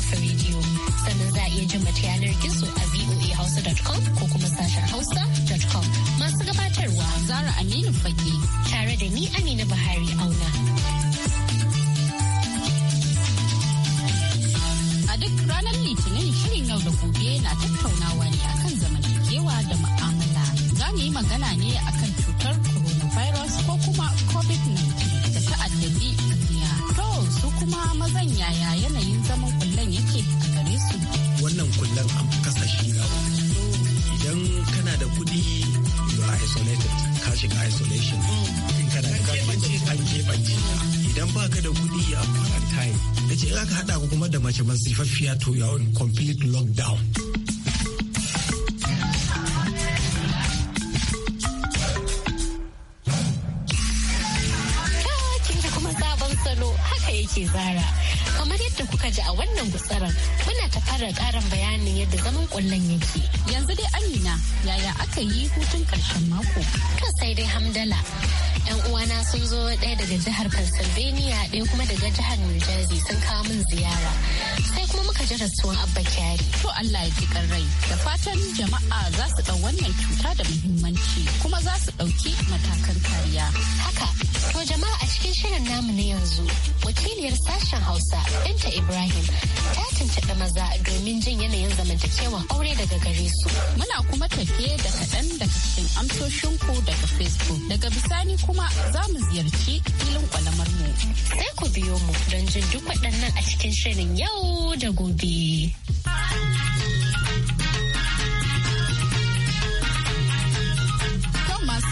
Hausa Radio. Sannan za a iya jin mata yanar gizo a voahausa.com ko kuma sashen hausa.com. Masu gabatarwa Zara Aminu Fage tare da ni Amina Buhari Auna. A duk ranar Litinin shirin yau da gobe na tattaunawa ne akan zamantakewa da ma'amala Za mu yi magana ne akan cutar coronavirus ko kuma COVID-19 da ta'addabi duniya. To kuma mazan yaya yanayin zaman kullen yake a gare su wannan kullen an kasa shi idan kana da kuɗi you are isolated ka shiga isolation kana da kuɗi an keɓance idan baka da kuɗi a quarantine da ce za ka haɗa kuma da mace masifaffiya to your complete lockdown salo haka yake zara. Kamar yadda kuka ji a wannan gutsarar muna ta fara karin bayanin yadda zaman kwallon yake. Yanzu dai Amina yaya aka yi hutun ƙarshen mako? kan sai dai Hamdala. yan uwana sun zo ɗaya daga jihar pennsylvania ɗaya kuma daga jihar new jersey sun kawo min ziyara sai kuma muka ji rasuwan abba kyari to allah ya ji rai da fatan jama'a za su ɗau wannan cuta da muhimmanci kuma za su ɗauki matakan kariya haka to jama'a a cikin shirin namu na yanzu wakiliyar sashen hausa binta ibrahim ta tuntuɓe maza domin jin yanayin zamantakewan aure daga gare su muna kuma tafiye da kaɗan daga cikin amsoshinku daga facebook daga bisani ko kuma za mu ziyarci filin kwalamarmu. Sai ku biyo mu don jin duk waɗannan a cikin shirin yau da gobe.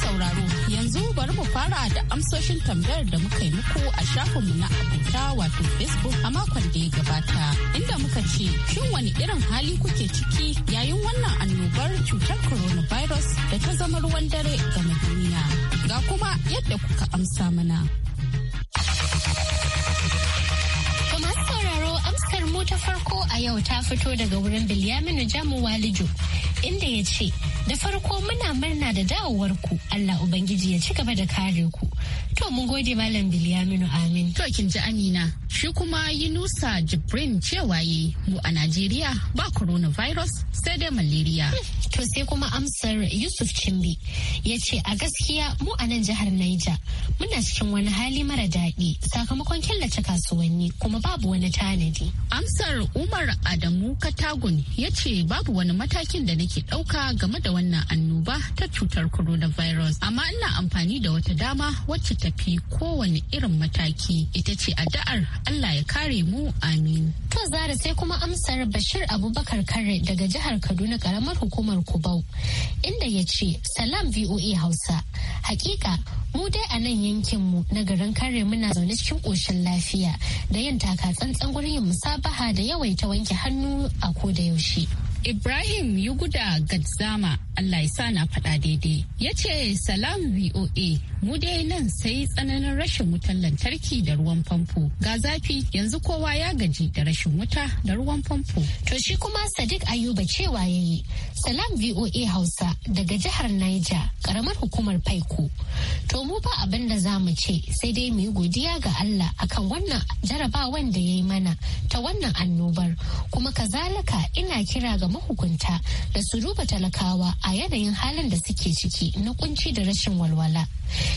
sauraro yanzu bari mu fara da amsoshin tambayar da muka yi muku a shafinmu na abota wato facebook a makon da ya gabata inda muka ce shin wani irin hali kuke ciki yayin wannan annobar cutar coronavirus da ta zama ruwan dare game duniya ga kuma yadda kuka amsa mana. masu sauraro amsar mu ta farko a yau ta fito daga wurin Bilyaminu Jamu Walijo inda ya ce da farko muna murna da dawowarku Allah Ubangiji ya ci gaba da kare ku To mun gode Malam Bilyaminu Amin. To kin ji Amina. Shi kuma Yunusa Jibrin cewa yi mu a Najeriya ba coronavirus sai dai malaria. Hmm, to sai kuma amsar Yusuf Cimbi ya ce a gaskiya mu a nan jihar Naija muna cikin wani hali mara daɗi sakamakon killace kasuwanni kuma babu wani tanadi. Amsar Umar Adamu Katagun ya ce babu wani matakin da nake ɗauka game da wannan annoba ta cutar coronavirus amma ina amfani da wata dama wacce ta tafi kowane irin mataki ita ce addu'ar Allah ya kare mu amin. To zara sai kuma amsar Bashir Abubakar Kare daga jihar Kaduna karamar hukumar Kubau inda ya ce salam VOA Hausa. Hakika mu dai a nan yankin mu na garin Kare muna zaune cikin koshin lafiya da yin taka tsantsan gurin yin musabaha da yawaita wanke hannu a koda yaushe. Ibrahim Yuguda Gadzama Allah ya sa na faɗa daidai. Ya ce salam VOA mu dai nan sai tsananin rashin wutan lantarki da ruwan famfo. Ga zafi yanzu kowa ya gaji da rashin wuta da ruwan famfo. To shi kuma Sadiq Ayuba cewa ya yi salam VOA Hausa daga jihar Niger karamar hukumar Faiko. To mu ba abin da za mu ce sai dai mu yi godiya ga Allah akan wannan jarabawan da ya yi mana ta wannan annobar. Kuma kazalika ina kira ga mahukunta da su duba talakawa a yanayin halin da suke ciki na kunci da rashin walwala.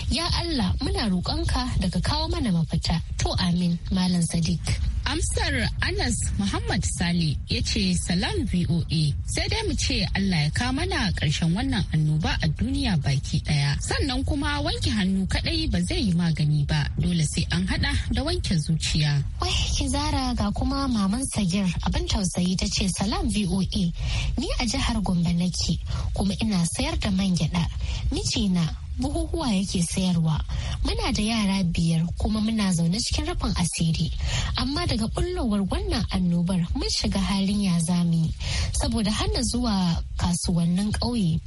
Ya Allah muna roƙonka daga kawo mana mafita. To amin Malam Sadiq. Amsar Anas Muhammad Sale ya ce salam VOA sai dai mu ce Allah ya ka mana ƙarshen wannan annoba a duniya baki ɗaya. Sannan kuma wanke hannu kaɗai ba zai yi magani ba dole sai an haɗa da wanke zuciya. Wai ki zara ga kuma maman Sagir abin tausayi ta ce salam VOA ni a jihar Gombe nake kuma ina sayar da man gyaɗa. Mijina buhuhuwa yake sayarwa muna da yara biyar kuma muna zaune cikin rufin asiri amma daga bullowar wannan annobar mun shiga halin ya zami saboda hana zuwa kasuwannin ƙauye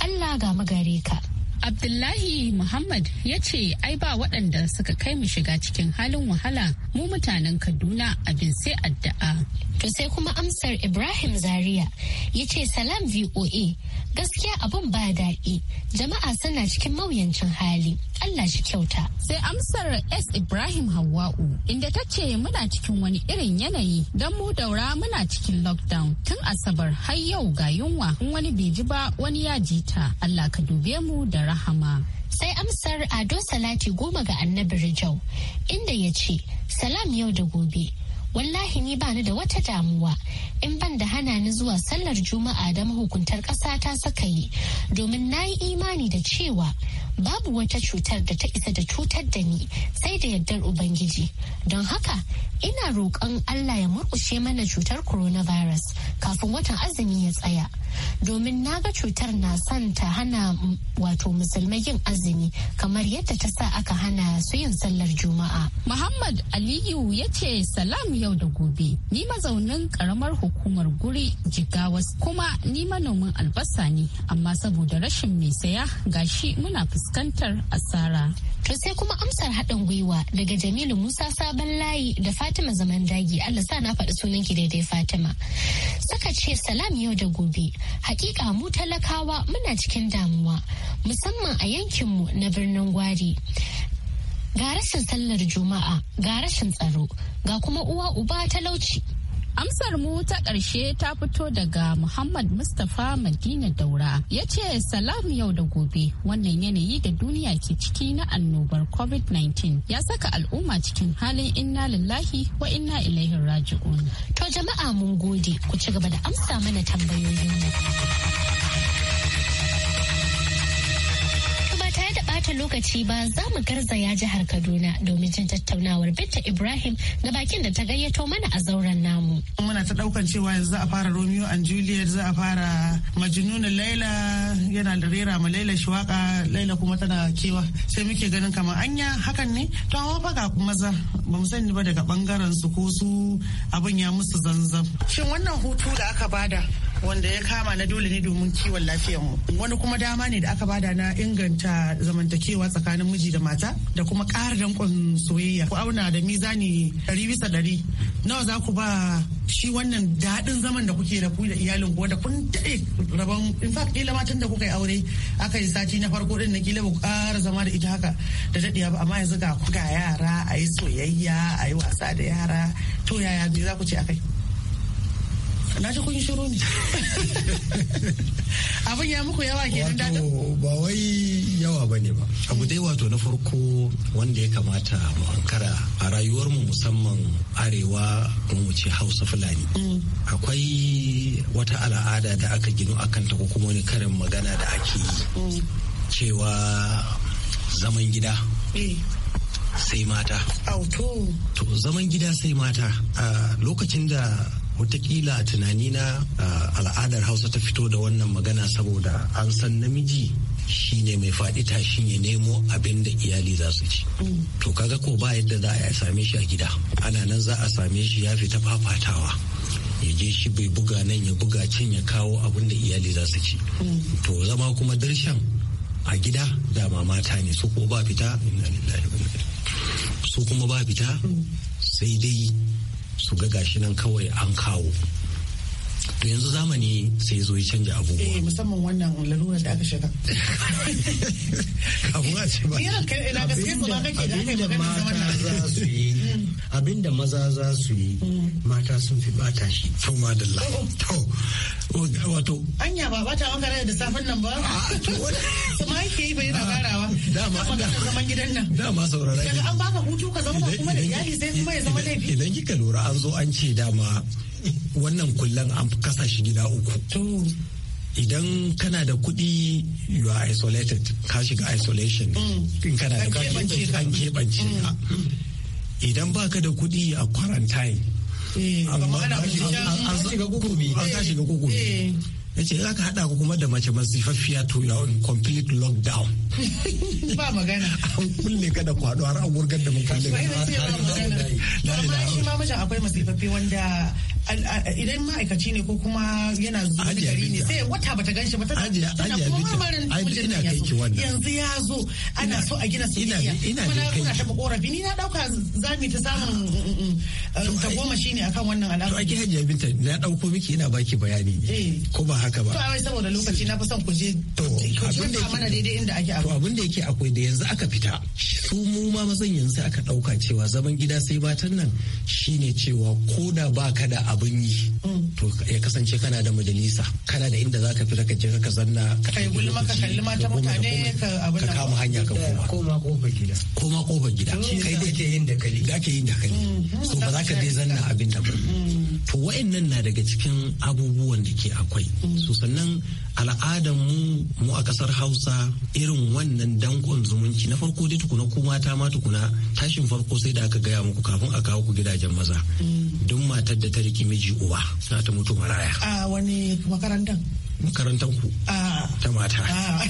allah ga magare ka Abdullahi Muhammad ya ce ai ba waɗanda suka kai mu shiga cikin halin wahala mu mutanen Kaduna abin sai addu'a. To sai kuma amsar Ibrahim Zaria ya ce salam VOA gaskiya abin ba daɗi jama'a suna cikin mawuyancin hali. Allah shi kyauta. Sai amsar S Ibrahim Hawwa'u inda ta ce muna cikin wani irin yanayi don mu daura muna cikin lockdown tun asabar har yau ga yunwa in wani bai ji ba wani ya ji ta Allah ka dube mu da rahama. sai amsar ado salati goma ga annabi rijau inda ya ce salam yau da gobe wallahi ni ba ni da wata damuwa in ban da hana ni zuwa sallar juma'a da mahukuntar ƙasa ta saka yi domin na yi imani da cewa babu wata cutar da ta isa da cutar da ni sai da yardar ubangiji don haka ina roƙon allah ya murƙushe mana cutar coronavirus kafin watan azumi ya tsaya domin na ga cutar na son ta hana wato musulmai yin azumi kamar yadda ta sa aka hana su yin sallar juma'a muhammad aliyu ya ce salam yau da gobe ni mazaunin karamar hukumar guri jigawas kuma ni manomin albasa ne amma saboda rashin mai saya gashi muna fuskanta fuskantar asara. To sai kuma amsar haɗin gwiwa daga Jamilu Musa Sabon Layi da Fatima Zaman Dagi Allah sa na faɗi sunan ki daidai Fatima. Saka ce salam yau da gobe. Hakika mu talakawa muna cikin damuwa musamman a yankinmu na birnin Gwari. Ga rashin sallar Juma'a, ga rashin tsaro, ga kuma uwa uba talauci. Amsar mu ta ƙarshe ta fito daga Muhammad Mustapha Madina Daura ya ce salam yau da gobe wannan yanayi da duniya ke ciki na annobar COVID-19 ya saka al'umma cikin halin inna lillahi wa inna ilaihin raji'un. To jama'a mun gode ku ci gaba da amsa mana tambayoyin mu. wancan lokaci ba za mu garzaya jihar Kaduna domin jin tattaunawar Binta Ibrahim da bakin da ta gayyato mana a zauren namu. Muna ta ɗaukan cewa yanzu za a fara Romeo and Juliet za a fara Majnun Laila yana da rera ma Laila shiwaka Laila kuma tana kewa sai muke ganin kamar anya hakan ne to amma fa ga maza ba mu sani ba daga bangaren su ko su abin ya musu zanzan. Shin wannan hutu da aka bada wanda ya kama na dole ne domin kiwon lafiyar mu wani kuma dama ne da aka bada na inganta zamantakewa kasancewa tsakanin miji da mata da kuma ƙara danƙon soyayya ku auna da mizani ɗari bisa ɗari nawa za ku ba shi wannan daɗin zaman da kuke da ku da iyalin ku da kun daɗe rabon in fact kila matan da kuka yi aure aka yi sati na farko din na kila ba ku ƙara zama da ita haka da daɗiya ba amma yanzu ga ku ga yara a yi soyayya a yi wasa da yara to yaya me za ku ce akai. na ji kun shiru ne abin ya muku yawa kenan dadin ba wai yawa bane ba abu dai wato na farko wanda ya kamata mu ankara a rayuwarmu musamman arewa mu ce hausa fulani mm. akwai wata al'ada da aka ginu akanta ko kuma wani karin magana da ake yi mm. cewa zaman gida eh. sai mata. To zaman gida sai mata a lokacin da watakila a na al'adar hausa ta fito da wannan magana saboda an san namiji shi ne mai faɗi tashi ne nemo abin da iyali za su ci to kaga ko ba yadda za a same shi a gida ana nan za a same shi ya fita fafatawa ya je shi bai buga nan ya buga cin ya kawo abin da iyali za su ci to zama kuma darshan a gida dama mata ne su ko ba fita su kuma ba fita sai dai su ga gashi nan kawai an kawo to yanzu zamani sai zo ya canja abubuwa eh musamman wannan lalurar da aka shiga kafin a ce ba abinda mata za su yi mm. abinda maza za su yi mm. mata sun fi bata shi to madalla oh. to wato anya ba bata wanka rai da safin nan ba ah, To. Kuma yake yi bai yana farawa ah, dama da zaman gidan nan dama saurara daga an baka hutu ka zama kuma da iyali sai kuma ya zama laifi idan kika lura an zo an ce dama wannan kullum an kasa shi gida uku idan kana da kuɗi you are isolated ka shiga isolation mm. in kana da kuɗi an keɓance mm. ka idan baka da kuɗi a quarantine eh, an shiga kukumi ya ce za ka hada ku kuma da mace masifaffiya to ya complete lockdown ba magana an kulle ka da kwado har an wurgar da mun kulle ba amma shi ma mijin akwai masifaffe wanda idan ma'aikaci ne ko kuma yana zuwa gari ne sai wata bata ganshi ba tana kuma mamarin mijin ya zo yanzu ya zo ana so a gina soyayya kuma kuna taɓa korafi ni na ɗauka za mu ta samun ah. mm, mm, mm, um, ta goma shine akan wannan al'amari to ake hajiya binta na ɗauko miki ina baki bayani eh. ko ba haka ba. To ai saboda lokaci na fi son kuje. to abin da mana daidai inda ake abu. To abin da yake akwai da yanzu aka fita su mu ma mazan yanzu aka dauka cewa zaman gida sai batan nan shine cewa ko da baka da abin yi mm. to ya kasance kana da majalisa kana da inda zaka fita ka je ka zanna ka kai gulma ka kalli mata mutane ka abin ka kama hanya ka koma koma kofa gida koma kofa gida mm. kai da ke yin kali. da mm. ke yin kali. so ba za ka dai zanna abin da ba to wa'annan na daga cikin abubuwan da ke akwai su sannan al'adan mu mu a kasar hausa irin wannan dankon zumunci na farko dai tukuna ku mata ma tukuna tashin farko sai da aka gaya muku kafin a kawo ku gidajen maza mm. don matar da ta riki miji uwa za ta mutu maraya a wani makarantar makarantar ah. ta mata ah.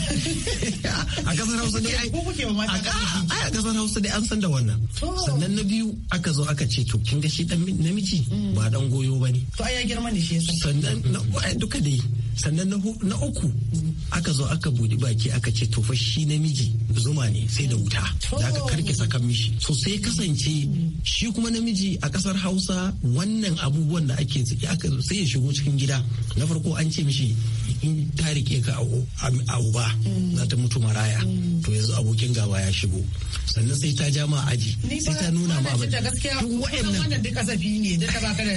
a kasar hausa ne a kasar hausa ne an san da wannan sannan na biyu aka zo aka ce to kin ga shi namiji mm. ba dan goyo bane to ai ya girma ne shi yasa sannan duka dai sannan na uku aka zo aka buɗi baki aka ce to fa shi namiji zuma ne sai da wuta da aka karke sakan mishi so sai kasance shi kuma namiji a kasar hausa wannan abubuwan da ake sai ya shigo cikin gida na farko an ce mishi in ta rike ka a uba mm. za ta mutu maraya mm. to yanzu abokin gaba ya shigo sannan sai ta ja ma aji sai ta nuna ma abin wannan duk kasafi ne da ta baka da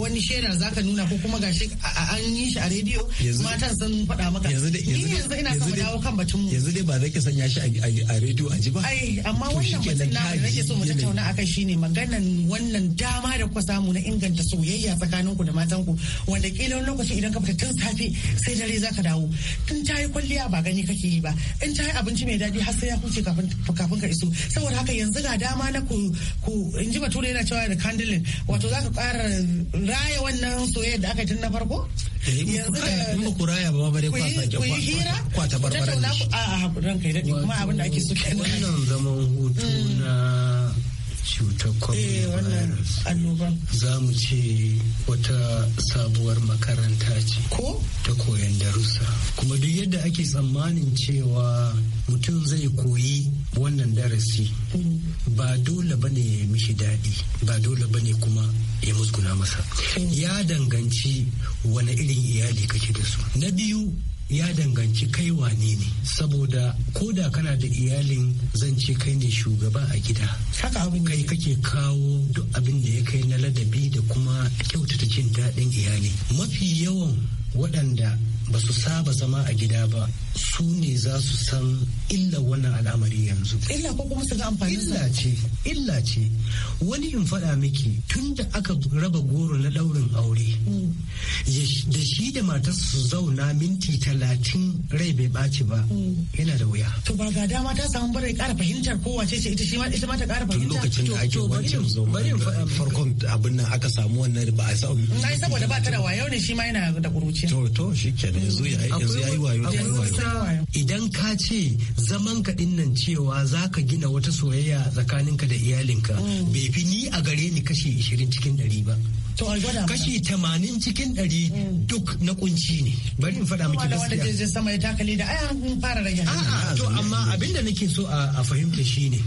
wani shaida zaka nuna ko kuma gashi an yi shi a rediyo matan sun faɗa maka yanzu yanzu ina son dawo kan batun mu yanzu dai ba zai sanya shi a rediyo a ji ba ai amma wannan batun na da nake so mu tattauna akan shine maganan wannan dama da ku samu na inganta soyayya tsakaninku da matan ku wanda kila wani lokaci idan ka fita tun safe sai dare zaka dawo in ta yi kwalliya ba gani kake yi ba in ta yi abinci mai daɗi har sai ya huce kafin ka iso saboda haka yanzu ga dama na ku in ji bature yana cewa da candling wato zaka ƙara raya wannan soyayya da aka yi tun na farko mu ku raya ba bare kwata kwata barbara a ranka kuma abin da ake so kenan wannan zaman hutu na cutar eh, coronavirus za mu ce wata sabuwar makaranta ce ko ta koyon darussa kuma duk yadda ake tsammanin cewa mutum zai koyi wannan darasi mm. ba dole bane ya mishi daɗi ba dole bane kuma ya musguna masa mm. ya danganci wani irin iyali kake da su na biyu ya danganci kai wane ne saboda ko da kana da iyalin zan ce kai ne shugaba a gida haka abin kai kake kawo duk abin da ya kai na ladabi da kuma kyautata jin daɗin iyali mafi yawan waɗanda ba su saba zama a gida ba su ne za su san illa wannan al'amari yanzu illa ko kuma su ga amfani illa ce illa ce wani in faɗa miki tun da aka raba goro na ɗaurin aure mm. da shi da matar su zauna minti talatin rai bai ɓaci ba mm. yana da wuya to ba ga dama ta samu bare ƙara fahimtar ko wace ce ita ita ma ta ƙara fahimta lokacin da ake wancan zaune farkon abin nan aka samu wannan ba a samu mm, yi saboda ba ta da wayo ne shi ma yana da ƙuruciya. to to shi kenan yanzu ya yi wayo idan ka ce zaman ka nan cewa za ka gina wata soyayya tsakaninka da iyalinka mm. bai fi ni a gare ni kashi 20 cikin 100 ba kashi tamanin cikin dari mm. duk na kunci ne bari in faɗa miki gaskiya wanda sama ya takali da ayan fara rage a'a to amma abinda nake so a fahimta shine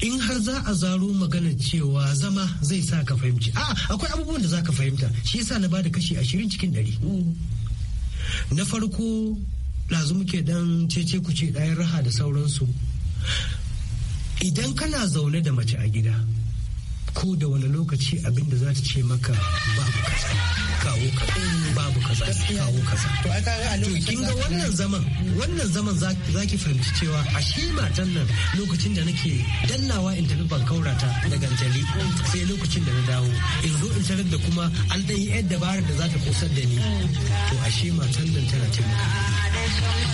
in har za a zaro maganar cewa zama zai sa ka fahimci A akwai abubuwan da za ka fahimta shi yasa na bada kashi ashirin cikin dari. Mm. na farko lazu muke dan cece ku ce ɗayan raha da sauransu idan kana zaune da mace a gida ko da wani lokaci abin da za ta ce maka babu kaza kawo kaza babu kaza kawo kaza to kin ga wannan zaman wannan zaman za ki fahimci cewa a shi matan nan lokacin da nake dannawa in tafi ban kaurata daga jali sai lokacin da na dawo in zo in tarar da kuma an dan yi yar dabarar da za ta kosar da ni to a shi matan nan tana taimaka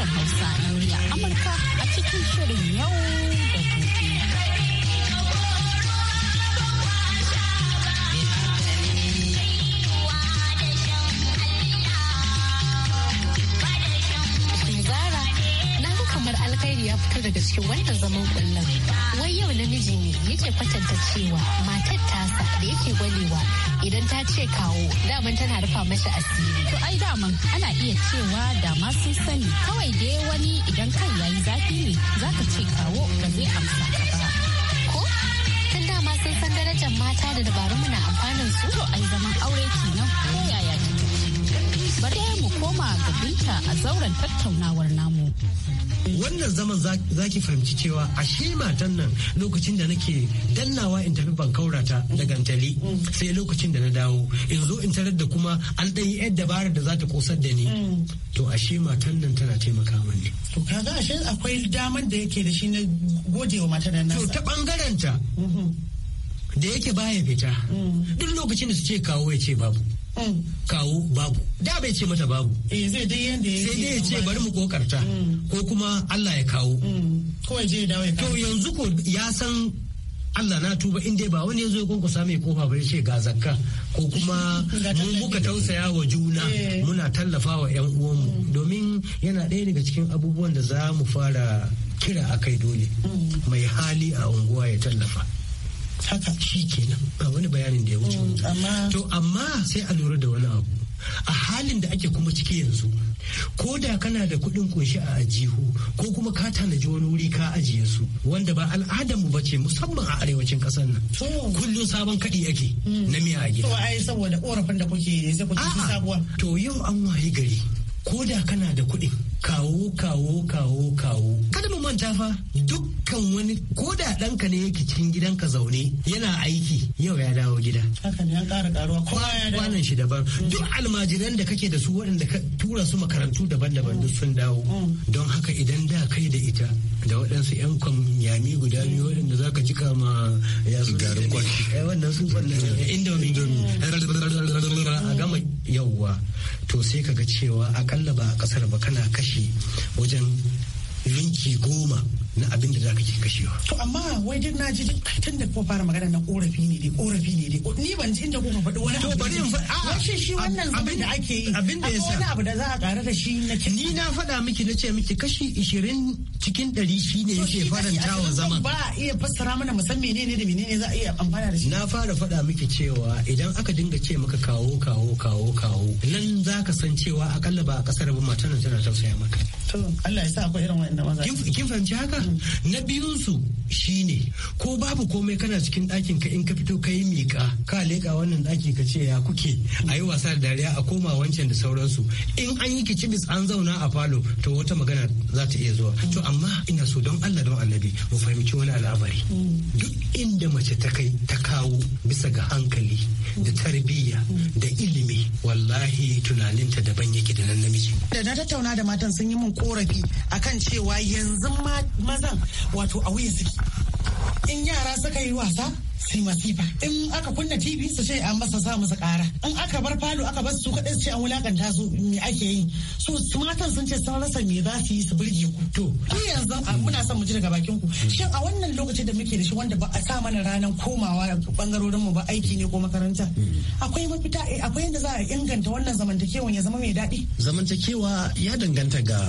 sashen Hausa na Amurka a cikin shirin yau fita daga cikin wannan zaman kullum wai yau namiji ne yake kwatanta cewa matar tasa da yake gwalewa idan ta ce kawo daman tana rufa masa asiri to ai daman ana iya cewa da ma sun sani kawai da wani idan kai yayi zafi ne zaka ce kawo ba zai amsa ka ba ko tun dama sun san darajar mata da dabarun muna amfanin su to ai zaman aure kenan ko yaya bari mu koma ga binta a zauren tattaunawar namu wannan zaman za ki fahimci cewa a shi matan nan lokacin da nake dannawa in tafi ban kaurata da gantali sai lokacin da na dawo in zo in tarar da kuma an ɗan yi dabarar da za ta kosar da ni to a shi matan nan tana taimaka mani. to kaga ashe akwai damar da yake da shi na wa matan nan to ta bangaren ta mhm. da yake baya fita mm. duk lokacin da su ce kawo ya ce babu. kawo babu da bai ce mata babu eh, sai dai ya ce bari mu kokarta mm. ko kuma Allah ya kawo mm. ko ya je ya dawo to yanzu ko ya san Allah na tuba in dai ba wani zo kun kusa mai kofa ba ce ga zakka ko kuma mun muka tausaya wa juna eh. muna tallafa wa yan uwanmu mm. domin yana ɗaya daga cikin abubuwan da za mu fara kira a kai dole mai hali a unguwa ya tallafa haka shi kenan ba wani bayanin da ya wuce mm, to amma sai a lura da wani abu a halin da ake kuma ciki yanzu ko da kana da kuɗin kunshi a ajihu ko kuma ka tanaji wani wuri ka ajiye su wanda ba al'adarmu ba ce musamman a arewacin ƙasar nan kullum sabon kaɗi ake mm. na miya a gida to ai saboda korafin da kuke sai ku sabuwa to yau an waye gari ko da kana da kuɗin kawo kawo kawo kawo kada mu manta fa dukkan wani ko da ɗanka ne yake cikin gidanka zaune yana aiki yau ya dawo gida haka ne an ƙara karuwa ko ya dawo kwanan shi daban duk almajiran da kake da su waɗanda ka tura su makarantu daban-daban duk sun dawo mm. don haka idan da kai da ita da waɗansu 'yan yami guda biyu waɗanda za ka jika ma ya su garin kwanci eh, wannan su indomi mm. a gama yauwa to sai ka ga cewa akalla ba a kasar ba kana kashe shi wajen linki goma na abin da za ka ke kashewa. To amma wai duk na ji duk tun da ko fara magana na korafi ne dai korafi ne dai ni ban ji inda ko ka faɗi wani abu. To bari in faɗi a'a. shi shi wannan abin da ake yi. Abin da yasa. Wani abu da za a ƙara da shi na Ni na faɗa miki na ce miki kashi ishirin cikin ɗari shi ne yake faranta wa zaman. Ba a iya fassara mana musamman menene da menene za a iya amfana da shi. Na fara faɗa miki cewa idan aka dinga ce maka kawo kawo kawo kawo nan za ka san cewa akalla ba a ƙasar ba matan tana tausaya maka. Allah ya sa akwai irin wa'annan maza kin fahimci haka na biyun su shi ne ko babu komai kana cikin ɗakin ka in ka fito ka yi miƙa ka leƙa wannan ɗaki ka ce ya kuke a yi wasa da dariya a koma wancan da sauransu in an yi kicibis an zauna a falo to wata magana za ta iya zuwa to amma ina so don Allah don annabi mu fahimci wani al'amari duk inda mace ta kai ta kawo bisa ga hankali da tarbiyya da ilimi wallahi tunaninta daban yake da nan namiji da na tattauna da matan sun yi min korafi akan cewa yanzu mazan wato a wuyan ziki in yara suka yi wasa sai masifa in aka kunna tv su ce a masa sa musu kara in aka bar falo aka bar su kaɗai su ce an wulakanta su me ake yi so matan sun ce sun rasa me za su yi su burge ku to ku yanzu muna son mu ji daga bakin ku shin a wannan lokacin da muke da shi wanda ba a sa mana ranar komawa bangarorin mu ba aiki ne ko makaranta akwai mafita eh, akwai yadda za a inganta wannan zamantakewa ya zama mai daɗi zamantakewa ya danganta ga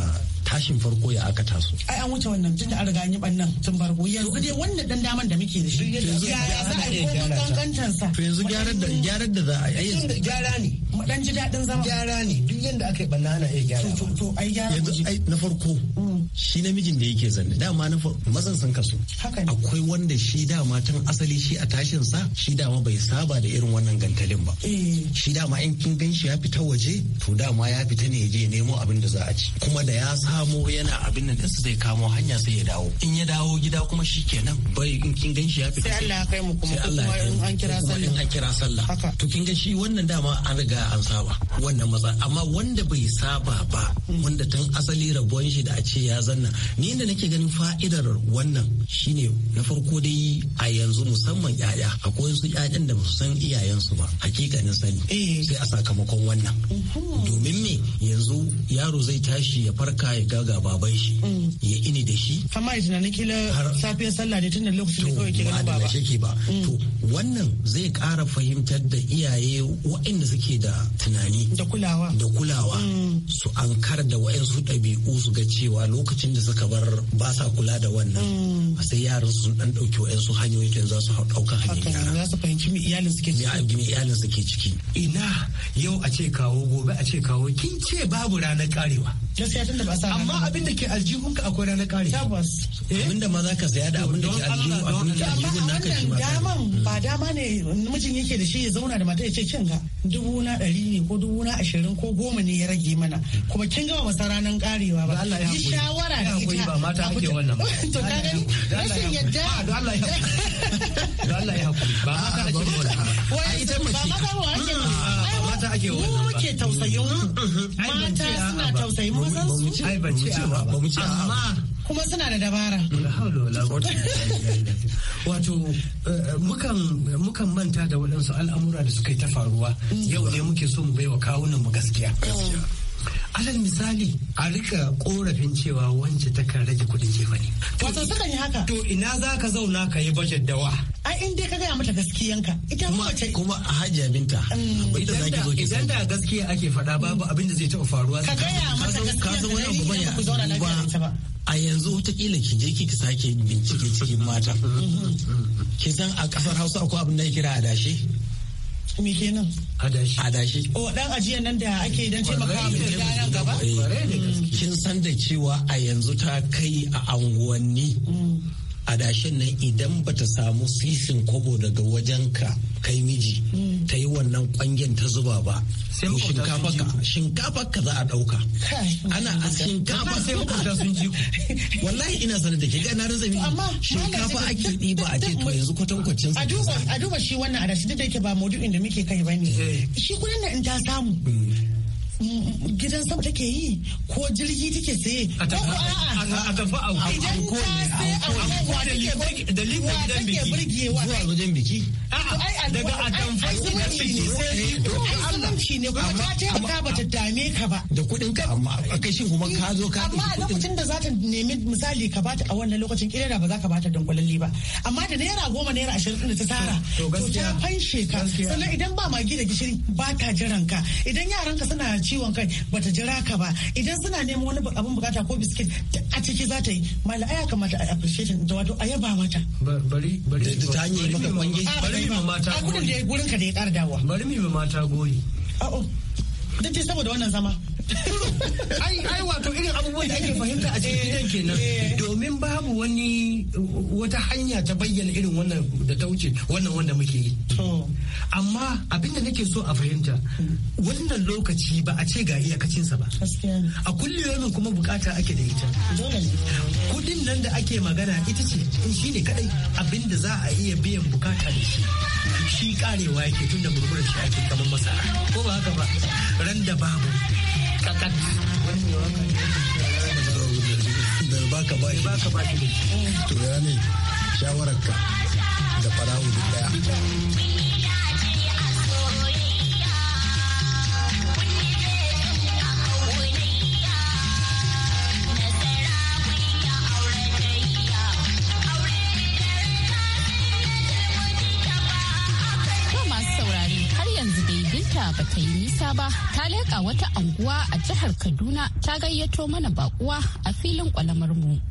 tashin farko ya aka taso ai an wuce wannan tunda an riga an bannan tun farko yanzu dai wannan dan daman da muke da shi ya za a yi kankantar sa to yanzu gyaran da gyaran da za a yi yanzu gyara ne mu dan ji dadin zama gyara ne duk yanda aka yi bannan ana iya gyara to to ai gyara yanzu ai na farko mm. shi namijin da yake zanne dama na mazan sun kaso akwai wanda shi dama tun asali shi a tashin sa shi dama bai saba da irin wannan gantalin ba eh. shi dama in kin gan shi ya fita waje to dama ya fita ne ya je nemo abin da za a ci kuma da ya saba kamo yana abin nan su zai kamo hanya sai ya dawo in ya dawo gida kuma shi kenan bai in kin gan ya fita sai Allah ya kai mu kuma Allah in an kira sallah in an kira sallah to kin ga shi wannan dama an riga an saba wannan matsa amma wanda bai saba ba wanda tun asali rabuwan shi da a ce ya zanna ni da nake ganin fa'idar wannan shine na farko dai a yanzu musamman yaya akwai wasu yayan da musu san iyayen su ba hakikanin sani eh. sai a sakamakon wannan domin me yanzu yaro zai tashi ya farka ya daga baban shi mm. ya ini da shi amma ina tunanin kila safiyar sallah ne tun da lokacin da kawai ke ganin baba shi ba mm. to wannan zai kara fahimtar da iyaye waɗanda suke da tunani da kulawa da kulawa mm. su ankar da waɗansu ɗabi'u su ga cewa lokacin da suka bar ba sa kula da wannan sai yaran sun dan ɗauki waɗansu hanyoyi da za su ɗauka hanyar yara za su fahimci me iyalin suke ciki me iyalin suke ciki ina yau a ce kawo gobe a ce kawo kin ce babu ranar karewa tun tunda ba sa amma abin da ke aljihun ka akwai ranar kare tabbas eh? abin da ma za ka saya da abin da ke aljihun abin da aljihun naka shi ma daman ba dama ne mijin yake da shi ya zauna da mata ya ce kin ga dubu na ɗari ne ko dubu na ashirin ko goma ne ya rage mana kuma kin gama masa ranar karewa ba Allah ya yi shawara da ita ba mata ake wannan ba to ka gani rashin yadda da Allah ya hakuri da ah, Allah ya hakuri ba mata ake wannan ba ita mace ba mata ba mata ake wani mu muke tausayin mm-hmm. mata suna tausayin san su ai ba ce ba mu ce amma kuma suna da dabara wato eh, mukan manta da waɗansu al'amura da suka yi ta faruwa mm. yau ne muke so mu baiwa kawunan mu gaskiya alal misali a rika korafin cewa wance takan rage kudin jefa ne wato sukan yi haka to ina za ka zauna ka yi bajet dawa ai in dai ka gaya mata gaskiyanka ita kuma a hajiya binta mm. ita za ki zo ki idan da gaskiya ake faɗa babu abin da zai taɓa faruwa ka gaya mata gaskiya ka zauna lafiya ba a yanzu kila ki je ki sake bincike cikin mata mm-hmm. Ki san a kasar hausa akwai abin da ya kira adashi. me kenan adashi adashi o oh, dan ajiyar nan da ake idan taimakawa mai nan gaba kin san da cewa a yanzu ta kai a anguwanni mm. adashin nan idan bata samu sisin kobo daga wajen ka kai miji mm. ta yi wannan kwangen ta zuba ba to shinkafa ka za a dauka ana a shinkafa sai makwabta sun ji wallahi ina sanar da ke ga na razami shinkafa ake ɗiba a ce to yanzu sa. a duba shi wannan adashi da yake ba maudu'in da muke kai bane eh. shi kudin da in ta samu mm. gidan sama take yi ko jirgi take saye ko a tafi a idan ko ne. a ko liwa take burgewa zuwa wajen biki daga atamfar kuma ciki sai to Allah shi ne kuma ta taimaka ba ta dame ka ba da kuɗin ka amma kai shi kuma ka zo ka amma lokacin da za ta nemi misali ka bata a wannan lokacin kira ba za ka bata dankwalalle ba amma da naira goma naira ashirin da ta tara to ta fanshe ka sannan idan ba magi da gishiri ba ta jiran ka idan yaran ka suna ciwon kai ba ta jira ka ba idan suna neman wani abun bukata ko biskit a ciki za ta yi mala aya kamata a appreciate da wato a yaba mata bari bari ta hanyar maka kwange bari bari mu mata gori. Gudun da ya gurin ka da ya ƙara dawowa. Bari mu mata gori. A'o. Duk dai saboda wannan zama. ai ai wato irin abubuwan da ake fahimta a cikin gidan kenan eh. domin babu wani wata hanya ta bayyana irin wannan da ta wuce wannan wanda muke yi amma abin da nake so a fahimta wannan lokaci ba a ce ga iyakacinsa ba a kulle kulliyoyin kuma bukata ake da ita kudin nan da ake magana ita ce in shi ne kadai abin da za a iya biyan bukata da shi shi karewa yake tun da murmurar shi ake kamar masara ko ba haka ba ran da babu kakat da baka ba shi to ya ne shawararka da farahu daya ta ba ta yi nisa ba ta leƙa wata anguwa a jihar Kaduna ta gayyato mana bakuwa a filin kwalamarmu. mu.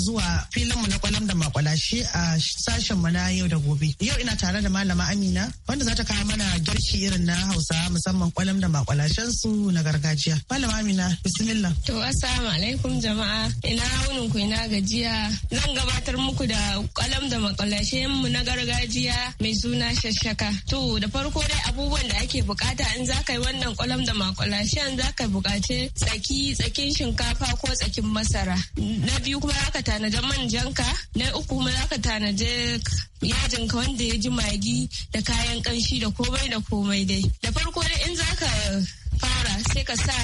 zuwa filin mu na kwalam da shi a sashenmu na yau da gobe. Yau ina tare da malama Amina wanda za ta kawo mana girki irin na Hausa musamman kwalam da makwalashen su na gargajiya. Malama Amina, bismillah. To assalamu alaikum jama'a. Ina wunin ku ina gajiya. Zan gabatar muku da kwalam da makwalashen mu na gargajiya mai suna shashaka. To da farko dai abubuwan da ake bukata in za ka yi wannan kwalam da makwalashen za ka bukaci tsaki tsakin shinkafa ko tsakin masara. Na biyu kuma za ka manjan ka na uku kuma za ka tanaji yajinka wanda ya ji magi da kayan kanshi da komai da komai dai da farko dai in zaka ka fara sai ka sa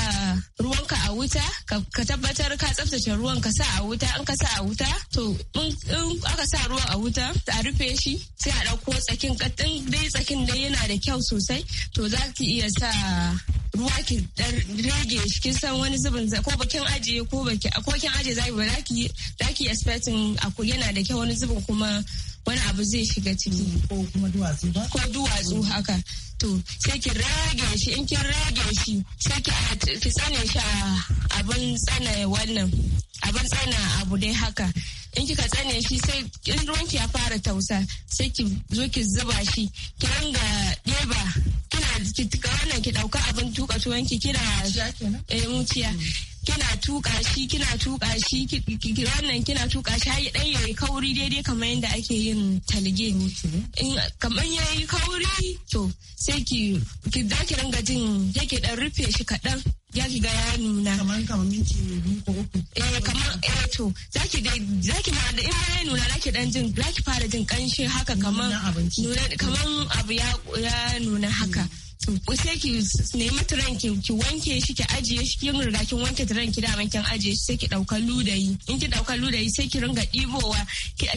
ruwanka a wuta ka tabbatar ka tsaftace ruwan ka sa a wuta in ka sa a wuta to in aka sa ruwan a wuta a rufe shi sai a ɗauko tsakin dai tsakin dai yana da kyau sosai to za ki iya sa ruwa ki rage shi kin san wani zubin ko bakin ajiye ko baki ko kin ajiye zaki ba zaki zaki expecting yana da kyau wani zubin kuma wani abu zai shiga ciki ko kuma duwatsu ba ko duwatsu haka to sai ki rage shi in kin rage shi sai ki ki tsane shi abin tsana wannan abin tsana abu dai haka in kika tsane shi sai in ruwanki ya fara tausa sai ki zo ki zuba shi ki ranga ɗeba kika wannan ki dauka abin tuka tuwon ki kina eh muciya kina tuka shi kina tuka shi wannan kina tuka shi yi dan yayi kauri daidai kamar yadda ake yin talge in kamar yayi kauri to sai ki ki da ki ringa jin yake dan rufe shi kadan ya ki ga ya nuna. Kamar kamar minti biyu ko uku. Eh kamar eh to zaki dai zaki ma da in ya nuna zaki dan jin zaki fara jin kanshi haka kamar kamar abu ya ya nuna haka. sai ki nemi turan ki ki wanke shi ki ajiye shi kin riga kin wanke turan ki daman kin ajiye shi sai ki dauka ludayi in ki dauka ludayi sai ki ringa dibowa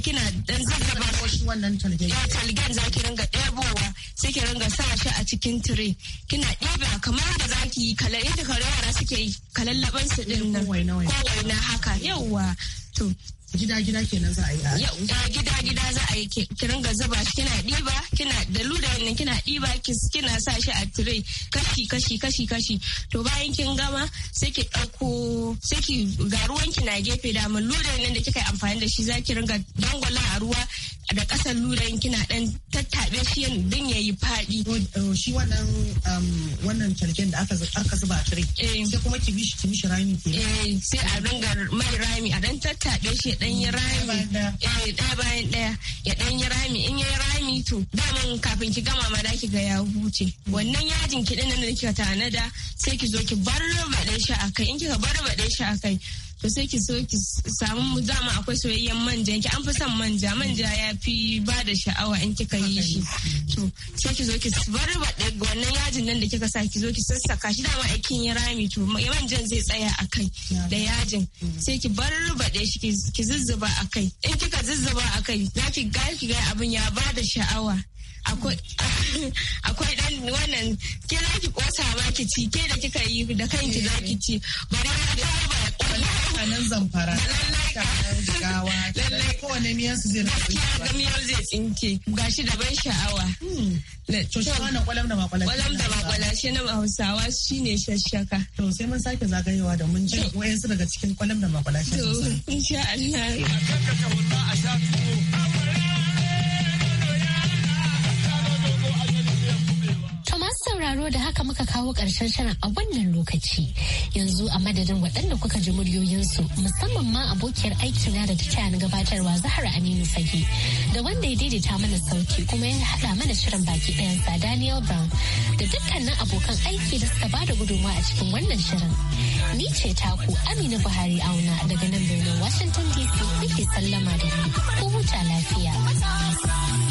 kina dan zazzaba shi wannan talgen ya eh, talgen za ki ringa dibowa sai ki ringa sa shi a cikin tire kina diba kamar da za ki yi kalar yadda kare yara suke yi kalallaban su din nan ko waina haka yauwa to gida-gida kenan za a yi a gida-gida za a yi ki ringa zuba kina ɗiba kina da luda ne kina ɗiba kina sa shi a tire kashi kashi kashi kashi to bayan kin gama sai ki ɗauko sai ki ga ruwan ki na gefe da mun luda nan da kika yi amfani da shi za ki ringa dangwala a ruwa da ƙasar ludan kina ɗan tattaɓe shi din ya yi faɗi. Eh, shi wannan um, wannan da aka zuba a tire. Eh. Sai kuma ki shi ki mishi rami ke. Eh, sai a ringa mai rami a dan tattaɓe shi dan yi rami eh ɗaya bayan ɗaya ya dan yi rami in yayi rami to daman kafin ki gama ma ki ga ya huce wannan yajin ki nan da kika tanada sai ki zo ki barbaɗe shi akai in kika barbaɗe shi akai to sai ki so ki samu mu dama akwai soyayyen manja ki an fi son manja manja ya fi ba da sha'awa in kika yi shi to sai ki zo ki bar wannan yajin nan da kika sa ki zo ki sassaka shi dama aikin ya rami to manjan zai tsaya a kai da yajin sai ki bar baɗe shi ki zuzzuba a kai in kika zuzzuba a kai za ki ga ki ga abin ya ba da sha'awa akwai dan wannan ke za ki kosa ma ki ci ke da kika yi da kanki za ki ci bari ya ba mutanen zamfara mutanen jigawa lallai kowane miyan su zai rufe ga miyan zai tsinke gashi da ban sha'awa hmm. to shi kwalam da makwala kwalam da makwala shi na hausawa shine shashaka to sai mun sake zagayewa da mun ji wayansu daga cikin kwalam da makwala shi to insha Allah a a sauraro da haka muka kawo ƙarshen shirin a wannan lokaci yanzu a madadin waɗanda kuka ji muryoyinsu musamman ma abokiyar aikina da ta na gabatarwa zahara aminu sage da wanda ya daidaita mana sauki kuma ya haɗa mana shirin baki ɗayan sa daniel brown da dukkanin abokan aiki da suka bada gudunmawa a cikin wannan shirin ni ce taku amina buhari auna daga nan birnin washington dc kuke sallama da ku huta lafiya